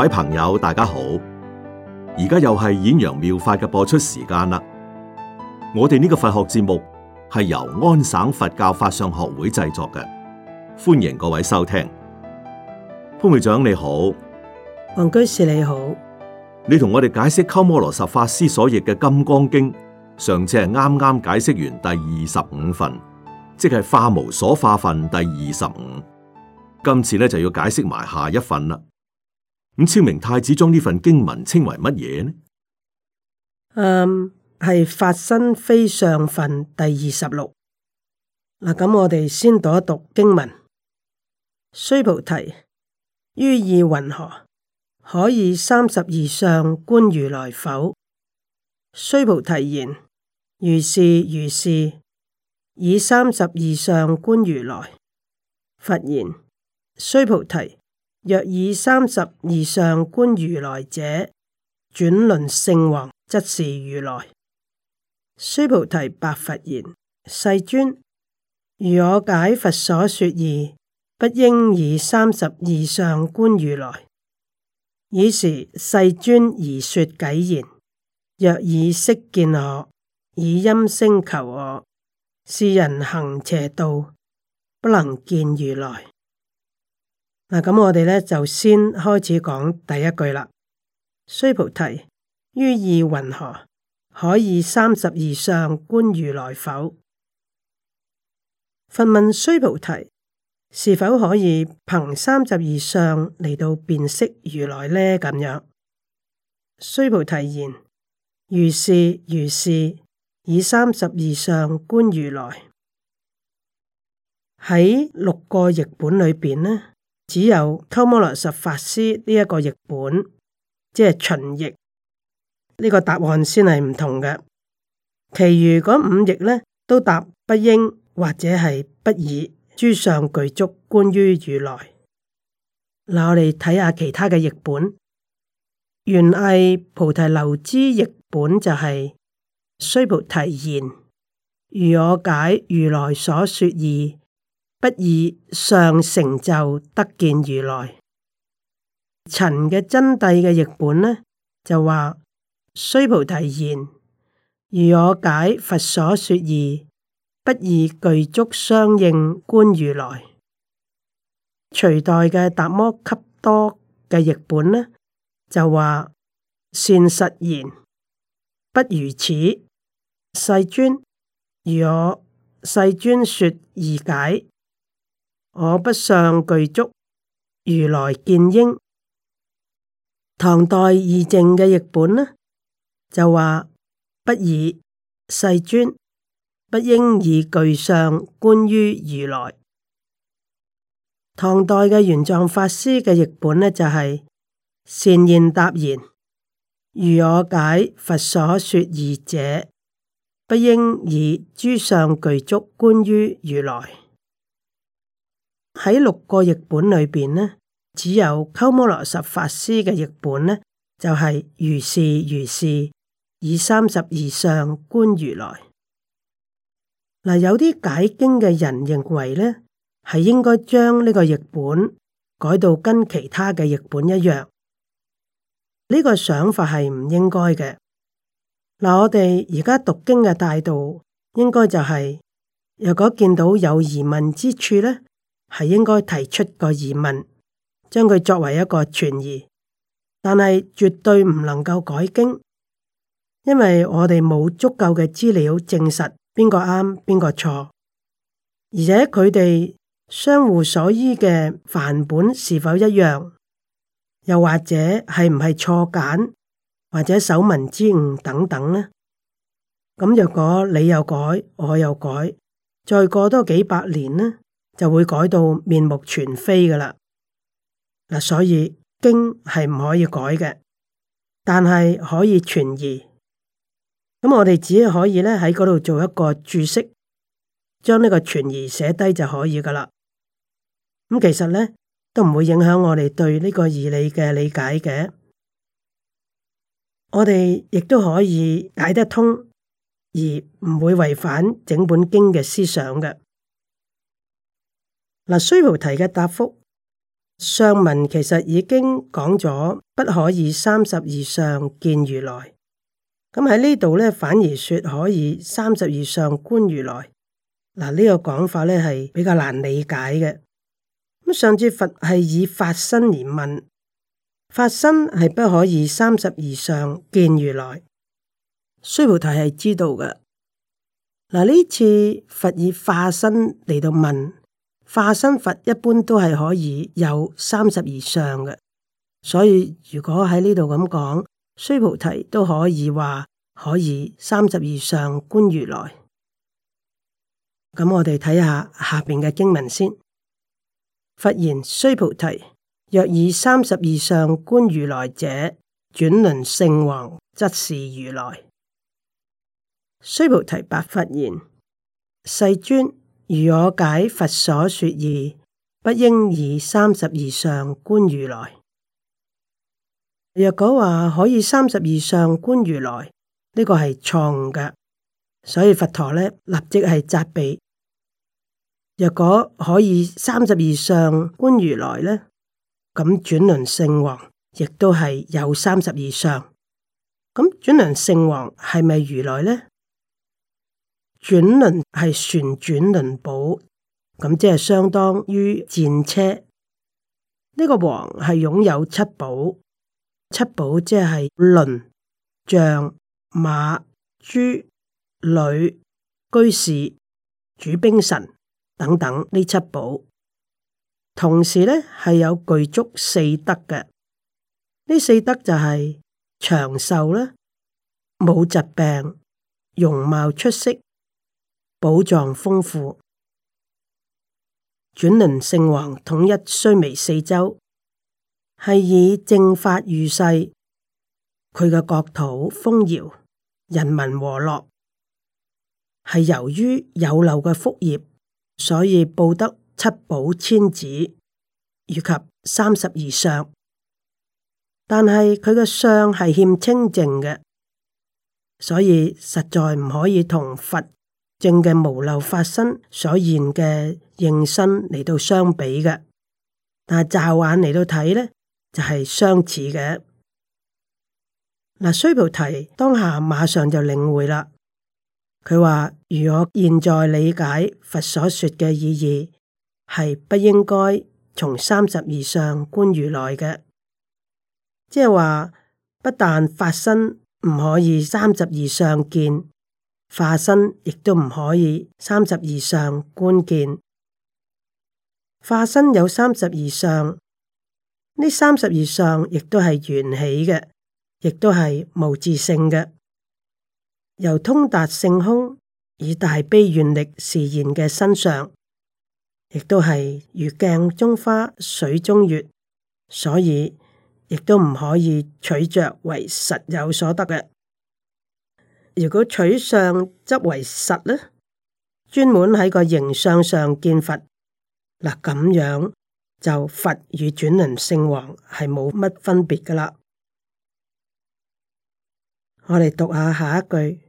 各位朋友，大家好！而家又係演揚妙，妙法嘅播出時間啦。我哋呢個佛學節目係由安省佛教法相學會製作嘅，歡迎各位收聽。潘會長你好，黃居士你好，你同我哋解釋鳩摩羅什法師所譯嘅《金剛經》，上次係啱啱解釋完第二十五份，即係化無所化份第二十五，今次咧就要解釋埋下一份啦。咁昭明太子將呢份經文稱為乜嘢呢？嗯，係法身非相分第二十六。嗱，咁我哋先讀一讀經文。須菩提於意云何可以三十二相觀如來否？須菩提言：如是如是，以三十二相觀如來。佛言：須菩提。若以三十二相觀如來者，轉輪聖王則是如來。須菩提白佛言：世尊，如我解佛所說義，不應以三十二相觀如來。爾時世尊而說偈言：若以色見我，以音聲求我，是人行邪道，不能見如來。嗱，咁我哋咧就先開始講第一句啦。須菩提於意云何可以三十二相觀如來否？佛問須菩提：是否可以憑三十二相嚟到辨識如來呢？咁樣，須菩提言：如是如是，以三十二相觀如來。喺六個譯本裏邊呢？只有鳩摩羅什法師呢一個譯本，即係秦譯呢、這個答案先係唔同嘅。其餘嗰五譯呢，都答不應或者係不以諸上具足觀於如來。嗱，我哋睇下其他嘅譯本，玄奘菩提流支譯本就係、是、須菩提言：如我解如來所說義。不以上成就得見如來。陳嘅真諦嘅譯本呢，就話須菩提言：如我解佛所說義，不以具足相應觀如來。隋代嘅達摩笈多嘅譯本呢，就話善實言，不如此。世尊，如我世尊說義解。我不相具足，如來見應。唐代義淨嘅譯本呢，就話不以世尊，不應以具相觀於如來。唐代嘅玄奘法師嘅譯本呢，就係、是、善言答言，如我解佛所說義者，不應以諸相具足觀於如來。喺六個譯本裏邊呢，只有鳩摩羅什法師嘅譯本呢，就係、是、如是如是以三十二相觀如來。嗱、嗯，有啲解經嘅人認為呢，係應該將呢個譯本改到跟其他嘅譯本一樣。呢、這個想法係唔應該嘅。嗱、嗯，我哋而家讀經嘅態度，應該就係、是、若果見到有疑問之處呢？係應該提出個疑問，將佢作為一個傳疑，但係絕對唔能夠改經，因為我哋冇足夠嘅資料證實邊個啱邊個錯，而且佢哋相互所依嘅範本是否一樣，又或者係唔係錯簡，或者手文之誤等等呢？咁若果你又改，我又改，再過多幾百年咧？就會改到面目全非噶啦，嗱，所以經係唔可以改嘅，但係可以存疑。咁我哋只可以咧喺嗰度做一個注釋，將呢個存疑寫低就可以噶啦。咁其實咧都唔會影響我哋對呢個義理嘅理解嘅。我哋亦都可以解得通，而唔會違反整本經嘅思想嘅。嗱，須菩提嘅答復上文其實已經講咗，不可以三十二相見如來。咁喺呢度咧，反而說可以三十二相觀如來。嗱，呢個講法咧係比較難理解嘅。咁上次佛係以法身而問，法身係不可以三十二相見如來。須菩提係知道嘅。嗱，呢次佛以化身嚟到問化身佛一般都係可以有三十二相嘅，所以如果喺呢度咁講，須菩提都可以話可以三十二相觀如來。咁我哋睇下下邊嘅經文先。佛言：須菩提，若以三十二相觀如來者，轉輪聖王則是如來。須菩提白佛言：世尊。如我解佛所說義，不應以三十二相觀如來。若果話可以三十二相觀如來，呢、這個係錯誤嘅。所以佛陀呢，立即係責備。若果可以三十二相觀如來呢，咁轉輪聖王亦都係有三十二相。咁轉輪聖王係咪如來呢？轉輪係旋轉輪寶，咁即係相當於戰車。呢、這個王係擁有七寶，七寶即係輪、象、馬、珠、女、居士、主兵臣等等呢七寶。同時呢係有具足四德嘅，呢四德就係長壽啦，冇疾病，容貌出色。寶藏豐富，轉輪聖王統一須彌四周，係以正法御世，佢嘅國土豐饒，人民和樂，係由於有漏嘅福業，所以報得七寶千子以及三十二相。但係佢嘅相係欠清淨嘅，所以實在唔可以同佛。正嘅無漏法身所現嘅應身嚟到相比嘅，但係驟眼嚟到睇呢，就係、是、相似嘅。嗱，須菩提當下馬上就領會啦。佢話：如我現在理解佛所說嘅意義，係不應該從三十二相觀如來嘅，即係話不但法身唔可以三十二相見。化身亦都唔可以三十二相觀見，化身有三十二相，呢三十二相亦都係緣起嘅，亦都係無自性嘅，由通達性空以大悲願力示現嘅身相，亦都係如鏡中花、水中月，所以亦都唔可以取着為實有所得嘅。如果取相則為實呢，專門喺個形相上見佛。嗱，咁樣就佛與轉輪聖，聖王係冇乜分別噶啦。我哋讀下下一句，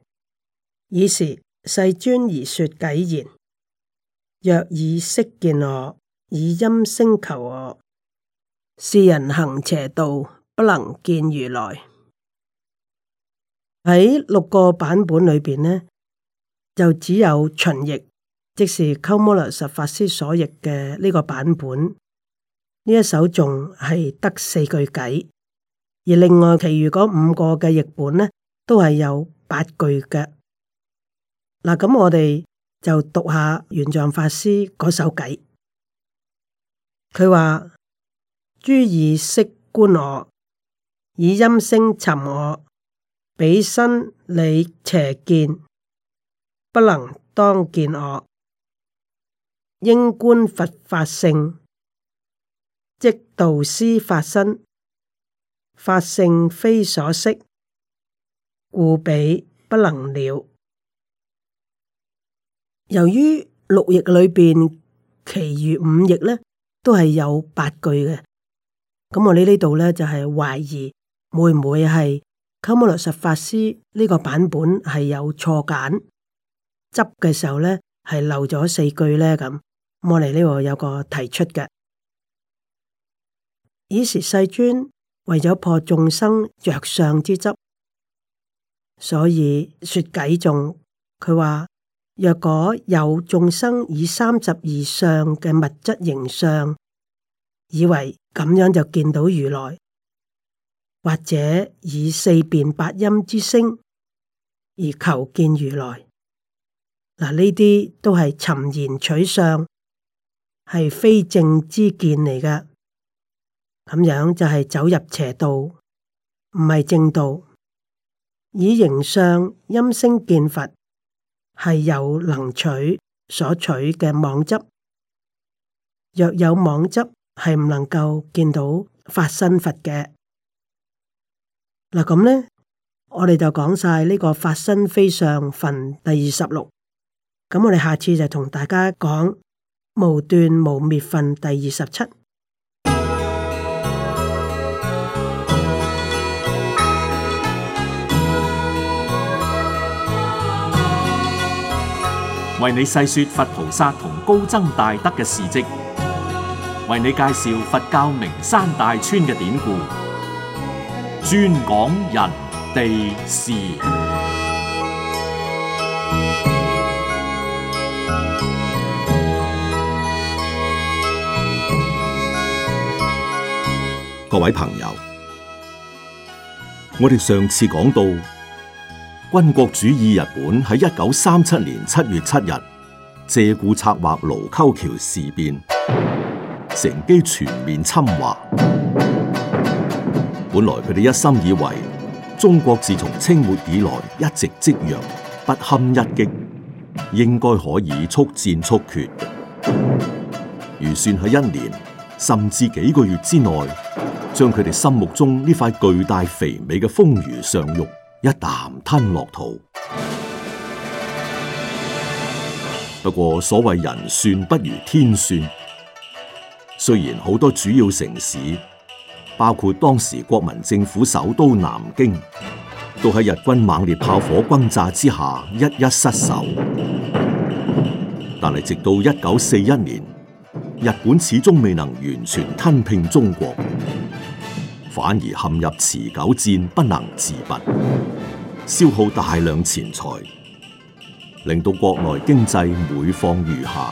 以時世尊而說偈言：若以色見我，以音聲求我，是人行邪道，不能見如來。喺六個版本裏邊呢，就只有秦譯，即是鳩摩羅什法師所譯嘅呢個版本，呢一首仲係得四句偈，而另外其餘嗰五個嘅譯本呢，都係有八句嘅。嗱，咁我哋就讀下玄奘法師嗰首偈，佢話：諸以識觀我，以音聲尋我。彼身理邪見，不能當見我。應觀佛法性，即導師法身。法性非所識，故彼不能了。由於六譯裏邊其餘五譯咧，都係有八句嘅。咁我哋呢度咧就係、是、懷疑會唔會係？鳩摩羅什法師呢個版本係有錯簡，執嘅時候呢，係漏咗四句咧咁。我尼呢個有個提出嘅，以時世尊為咗破眾生着相之執，所以說偈中佢話：若果有眾生以三十以上嘅物質形象，以為咁樣就見到如來。或者以四辯八音之聲而求見如來，嗱呢啲都係尋言取相，係非正之見嚟嘅。咁樣就係走入邪道，唔係正道。以形相音聲見佛，係有能取所取嘅妄執。若有妄執，係唔能夠見到法身佛嘅。嗱咁呢，我哋就講晒呢、這個法身非相分第二十六，咁我哋下次就同大家講無斷無滅分第二十七，為你細說佛菩薩同高僧大德嘅事跡，為你介紹佛教名山大川嘅典故。專講人地事，各位朋友，我哋上次講到軍國主義日本喺一九三七年七月七日借故策劃盧溝橋事變，乘機全面侵華。本來佢哋一心以為中國自從清末以來一直積弱，不堪一擊，應該可以速戰速決，預算喺一年甚至幾個月之內，將佢哋心目中呢塊巨大肥美嘅豐腴上肉一啖吞落肚。不過所謂人算不如天算，雖然好多主要城市，包括當時國民政府首都南京，都喺日軍猛烈炮火轟炸之下，一一失守。但係直到一九四一年，日本始終未能完全吞併中國，反而陷入持久戰，不能自拔，消耗大量錢財，令到國內經濟每況愈下。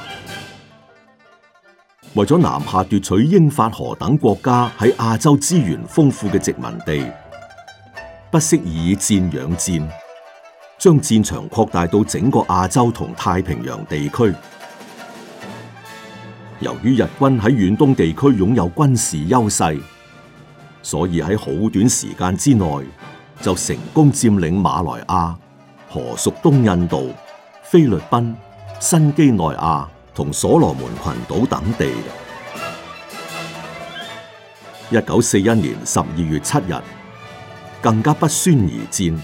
為咗南下奪取英法荷等國家喺亞洲資源豐富嘅殖民地，不惜以戰養戰，將戰場擴大到整個亞洲同太平洋地區。由於日軍喺遠東地區擁有軍事優勢，所以喺好短時間之內就成功佔領馬來亞、荷屬東印度、菲律賓、新幾內亞。同所羅門群島等地，一九四一年十二月七日，更加不宣而戰，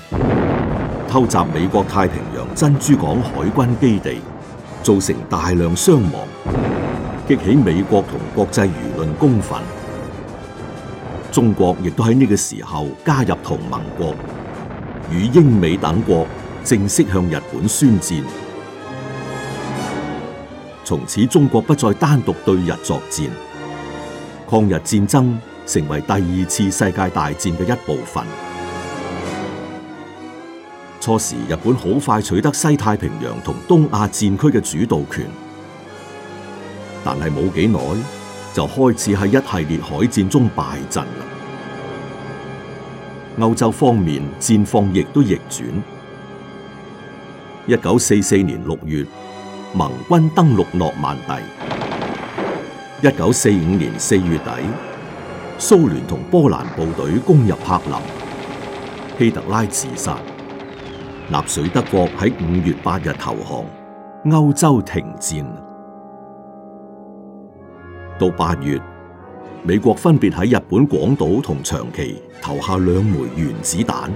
偷襲美國太平洋珍珠港海軍基地，造成大量傷亡，激起美國同國際輿論公憤。中國亦都喺呢個時候加入同盟國，與英美等國正式向日本宣戰。從此中國不再單獨對日作戰，抗日戰爭成為第二次世界大戰嘅一部分。初時日本好快取得西太平洋同東亞戰區嘅主導權，但係冇幾耐就開始喺一系列海戰中敗陣啦。歐洲方面戰況亦都逆轉。一九四四年六月。盟軍登陸諾曼第。一九四五年四月底，蘇聯同波蘭部隊攻入柏林，希特拉自殺。納粹德國喺五月八日投降，歐洲停戰。到八月，美國分別喺日本廣島同長崎投下兩枚原子彈。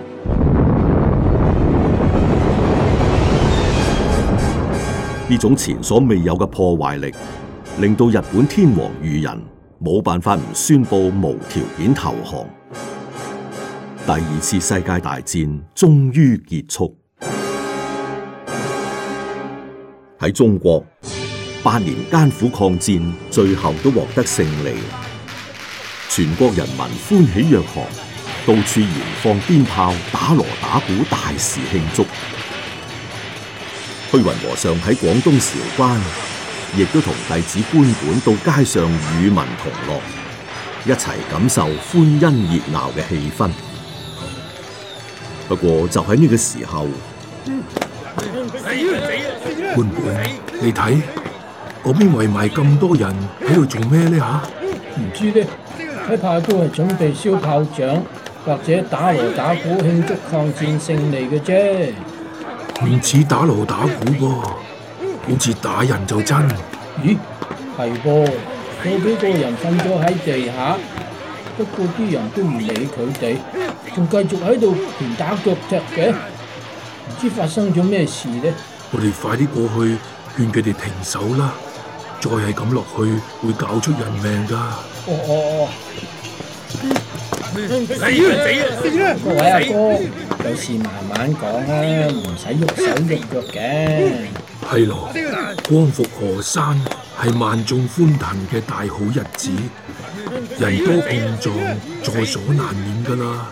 呢種前所未有嘅破壞力，令到日本天皇裕仁冇辦法唔宣布無條件投降。第二次世界大戰終於結束。喺中國八年艱苦抗戰，最後都獲得勝利，全國人民歡喜若狂，到處燃放鞭炮、打鑼打鼓，大肆慶祝。虛雲和尚喺廣東韶關，亦都同弟子官本到街上與民同樂，一齊感受歡欣熱鬧嘅氣氛。不過就喺呢個時候，嗯、官本，你睇嗰邊圍埋咁多人喺度做咩呢？吓，唔知呢，睇怕都係準備燒炮仗或者打鑼打鼓慶祝抗戰勝利嘅啫。唔似打鑼打鼓噃，好似打人就真。咦，係噃，嗰幾個人瞓咗喺地下，不過啲人都唔理佢哋，仲繼續喺度拳打腳踢嘅，唔知發生咗咩事呢。我哋快啲過去勸佢哋停手啦，再係咁落去會搞出人命噶。哦哦哦，死啊死啊死啊死啊！各位阿哥。有事慢慢講啦，唔使喐手喐腳嘅。係咯，光復河山係萬眾歡騰嘅大好日子，人多碰撞在所難免噶啦，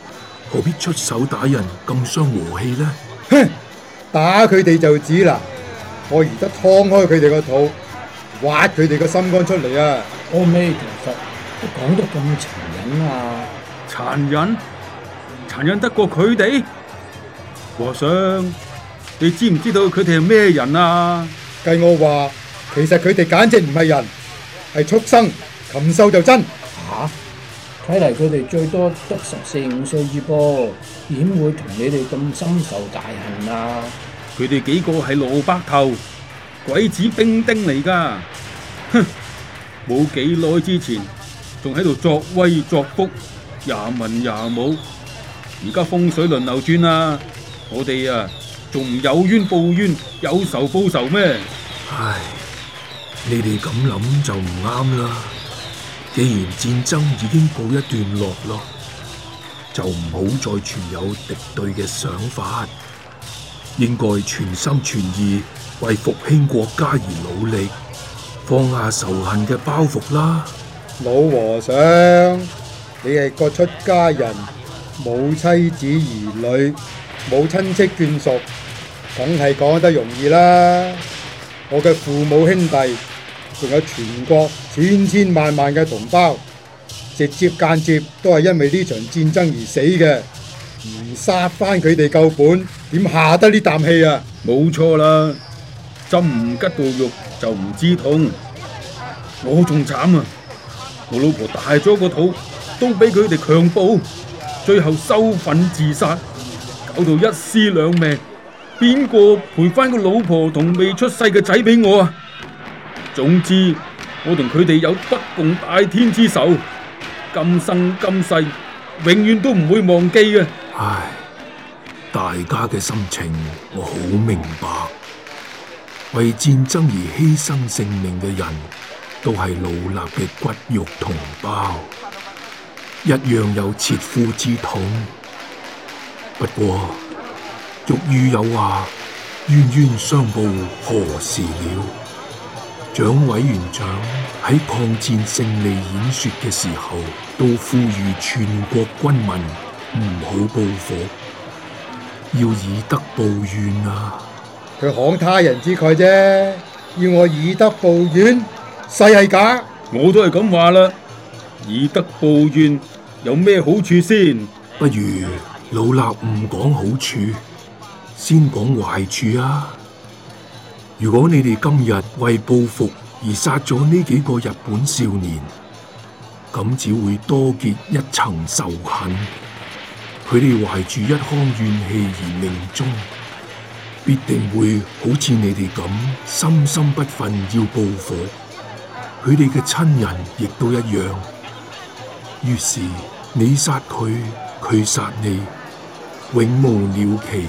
何必出手打人咁傷和氣呢？哼，打佢哋就止啦，我而家劏開佢哋個肚，挖佢哋個心肝出嚟啊！我未屠佛，都講得咁殘忍啊！殘忍，殘忍得過佢哋？和尚，你知唔知道佢哋係咩人啊？計我話，其實佢哋簡直唔係人，係畜生，禽獸就真吓。睇嚟佢哋最多得十四五歲啫噃，點會同你哋咁深仇大恨啊？佢哋幾個係蘿蔔頭、鬼子兵丁嚟㗎。哼，冇幾耐之前仲喺度作威作福，也文也武，而家風水輪流轉啦。我哋啊，仲有冤報冤，有仇報仇咩？唉，你哋咁諗就唔啱啦。既然戰爭已經告一段落咯，就唔好再存有敵對嘅想法，應該全心全意為復興國家而努力，放下仇恨嘅包袱啦。老和尚，你係個出家人，冇妻子兒女。冇親戚眷屬，梗係講得容易啦。我嘅父母兄弟，仲有全國千千萬萬嘅同胞，直接間接都係因為呢場戰爭而死嘅。唔殺翻佢哋夠本，點下得呢啖氣啊！冇錯啦，針唔吉到肉就唔知痛。我仲慘啊！我老婆大咗個肚，都俾佢哋強暴，最後收粉自殺。搞到一屍兩命，邊個賠翻個老婆同未出世嘅仔俾我啊！總之，我同佢哋有不共戴天之仇，今生今世永遠都唔會忘記嘅。唉，大家嘅心情我好明白，為戰爭而犧牲性命嘅人都係老衲嘅骨肉同胞，一樣有切膚之痛。不過俗語有話，冤冤相報何時了？蔣委員長喺抗戰勝利演說嘅時候，都呼籲全國軍民唔好報復，要以德報怨啊！佢慷他，他人之慨啫，要我以德報怨，世係假？我都係咁話啦，以德報怨有咩好處先？不如？老衲唔講好處，先講壞處啊！如果你哋今日為報復而殺咗呢幾個日本少年，咁只會多結一層仇恨。佢哋懷住一腔怨氣而命終，必定會好似你哋咁心心不忿要報復。佢哋嘅親人亦都一樣。於是你殺佢，佢殺你。永無了期，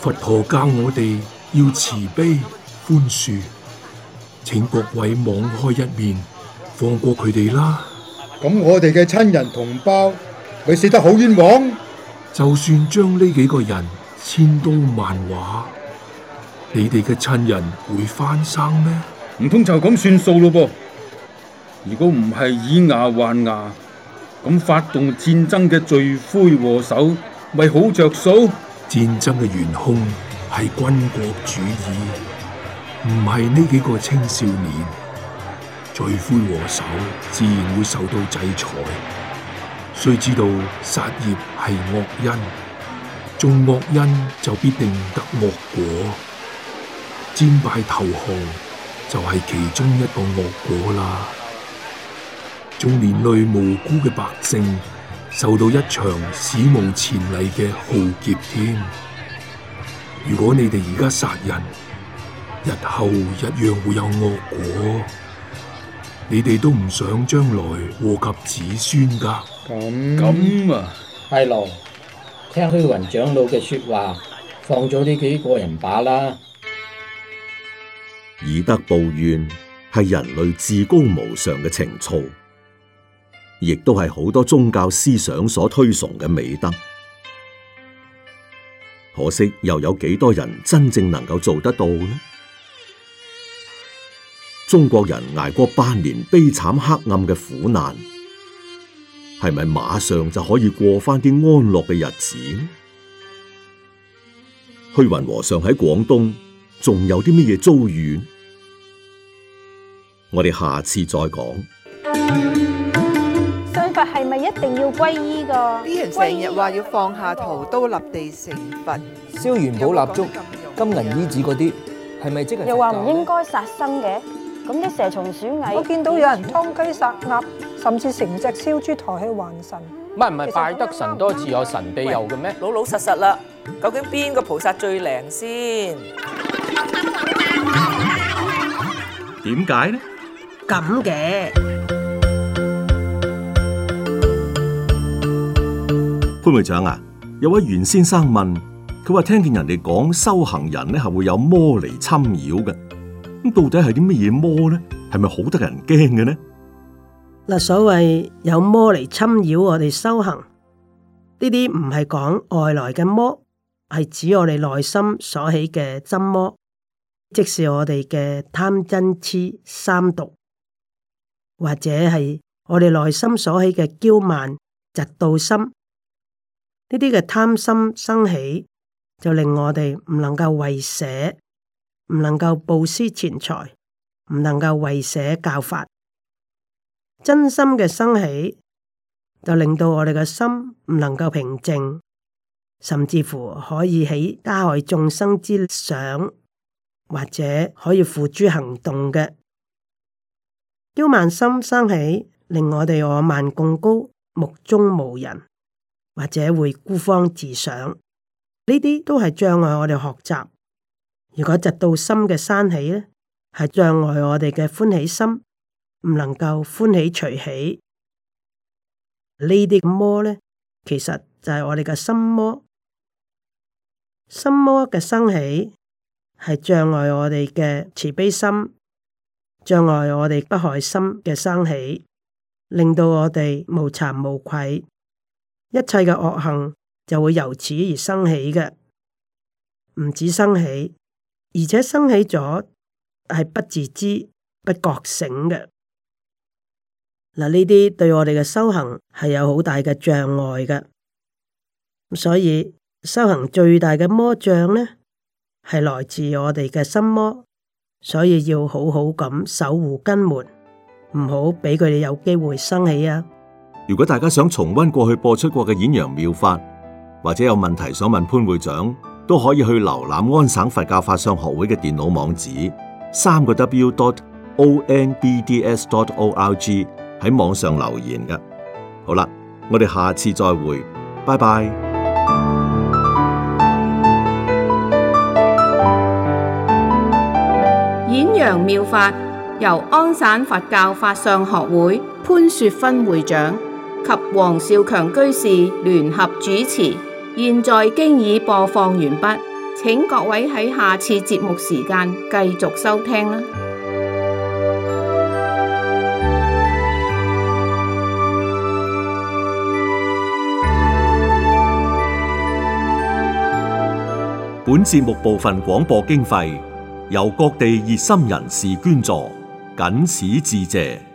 佛陀教我哋要慈悲寬恕，請各位網開一面，放過佢哋啦。咁我哋嘅親人同胞，佢死得好冤枉。就算將呢幾個人千刀萬剮，你哋嘅親人會翻生咩？唔通就咁算數咯噃？如果唔係以牙還牙？咁發動戰爭嘅罪魁禍首咪好着數？數戰爭嘅元凶係軍國主義，唔係呢幾個青少年。罪魁禍首自然會受到制裁。須知道殺業係惡因，種惡因就必定得惡果。戰敗投降就係其中一個惡果啦。仲連累無辜嘅百姓，受到一場史無前例嘅浩劫添。如果你哋而家殺人，日後一樣會有惡果。你哋都唔想將來禍及子孫噶。咁啊，大佬，聽虛雲長老嘅說話，放咗呢幾個人罷啦。以德報怨係人類至高無上嘅情操。亦都係好多宗教思想所推崇嘅美德，可惜又有幾多人真正能夠做得到呢？中國人捱過八年悲慘黑暗嘅苦難，係咪馬上就可以過翻啲安樂嘅日子呢？虛雲和尚喺廣東仲有啲乜嘢遭遇？我哋下次再講。係咪一定要皈依噶？啲人成日話要放下屠刀立地成佛，燒元寶蠟燭、金銀衣紙嗰啲，係咪即係？又話唔應該殺生嘅，咁啲蛇蟲鼠蟻，我見到有人劏雞殺鴨，甚至成隻燒豬抬去還神。唔係唔係，拜得神多自有神庇佑嘅咩？老老實實啦，究竟邊個菩薩最靈先？點解呢？咁嘅。潘會長啊，有位袁先生問，佢話聽見人哋講修行人咧係會有魔嚟侵擾嘅，咁到底係啲咩嘢魔咧？係咪好得人驚嘅呢？嗱，所謂有魔嚟侵擾我哋修行，呢啲唔係講外來嘅魔，係指我哋內心所起嘅真魔，即係我哋嘅貪嗔癡三毒，或者係我哋內心所起嘅驕慢、嫉妒心。呢啲嘅貪心生起，就令我哋唔能夠為捨，唔能夠布施錢財，唔能夠為捨教法。瞋心嘅生起，就令到我哋嘅心唔能夠平靜，甚至乎可以起加害眾生之想，或者可以付諸行動嘅。傲慢心生起，令我哋我慢貢高，目中無人。或者會孤芳自賞，呢啲都係障礙我哋學習。如果嫉妒心嘅生起咧，係障礙我哋嘅歡喜心，唔能夠歡喜隨喜。呢啲魔咧，其實就係我哋嘅心魔。心魔嘅生起係障礙我哋嘅慈悲心，障礙我哋不害心嘅生起，令到我哋無慚無愧。一切嘅惡行就會由此而生起嘅，唔止生起，而且生起咗係不自知、不覺醒嘅。嗱，呢啲對我哋嘅修行係有好大嘅障礙嘅。所以修行最大嘅魔障呢，係來自我哋嘅心魔，所以要好好咁守護根門，唔好俾佢哋有機會生起啊。如果大家想重溫過去播出過嘅演揚妙法，或者有問題想問潘會長，都可以去瀏覽安省佛教法相學會嘅電腦網址，三個 W. dot O N B D S. dot O R G 喺網上留言嘅。好啦，我哋下次再會，拜拜。演揚妙法由安省佛教法相學會潘雪芬會長。及黃少強居士聯合主持，現在經已播放完畢，請各位喺下次節目時間繼續收聽啦。本節目部分廣播經費由各地熱心人士捐助，謹此致謝。